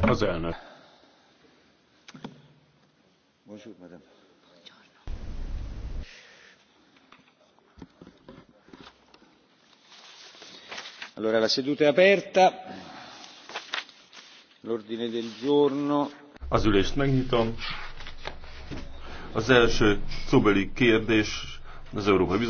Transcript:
Az elnök. madame. Allora la seduta è aperta. L'ordine del giorno. Az ülést megnyitom. Az első szóbeli kérdés az Európai Bizottság.